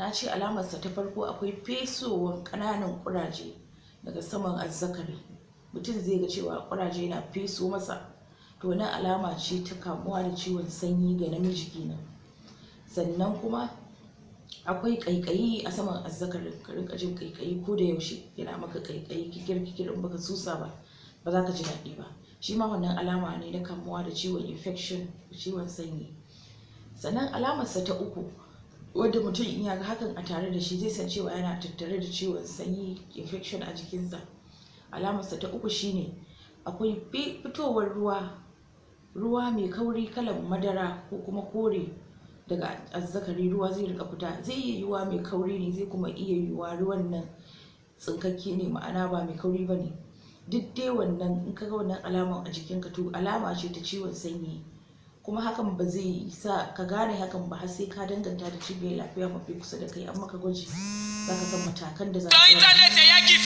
na ce alamarsa ta farko akwai fesowar ƙananan ƙuraje daga saman azzakari mutum zai ga cewa ƙuraje na feso masa to wannan alama ce ta kamuwa da ciwon sanyi ga namiji kenan sannan kuma akwai ƙaiƙayi a saman azzakarin ka rinka jin ƙaiƙayi ko da yaushe yana maka ƙaiƙayi kikir kikir in baka susa ba ba za ka ji daɗi ba shi ma wannan alama ne na kamuwa da ciwon infection ciwon sanyi sannan alamarsa ta uku wadda mutum in ya ga hakan a tare da shi zai san cewa yana tattare da ciwon sanyi infection a jikinsa alamarsa ta uku shine akwai fitowar ruwa ruwa mai kauri kalan madara ko kuma kore daga azzakari ruwa zai rika fita zai iya yiwuwa mai kauri ne zai kuma iya yiwuwa ruwan nan tsinkakke ne ma'ana ba mai kauri ba ne duk dai wannan in ka ga wannan alamar a jikinka to alama ce ta ciwon sanyi kuma hakan ba zai sa ka gane hakan ba har sai ka danganta da cibiyar lafiya mafi kusa da kai amma ka gwaji za ka san matakan da za ka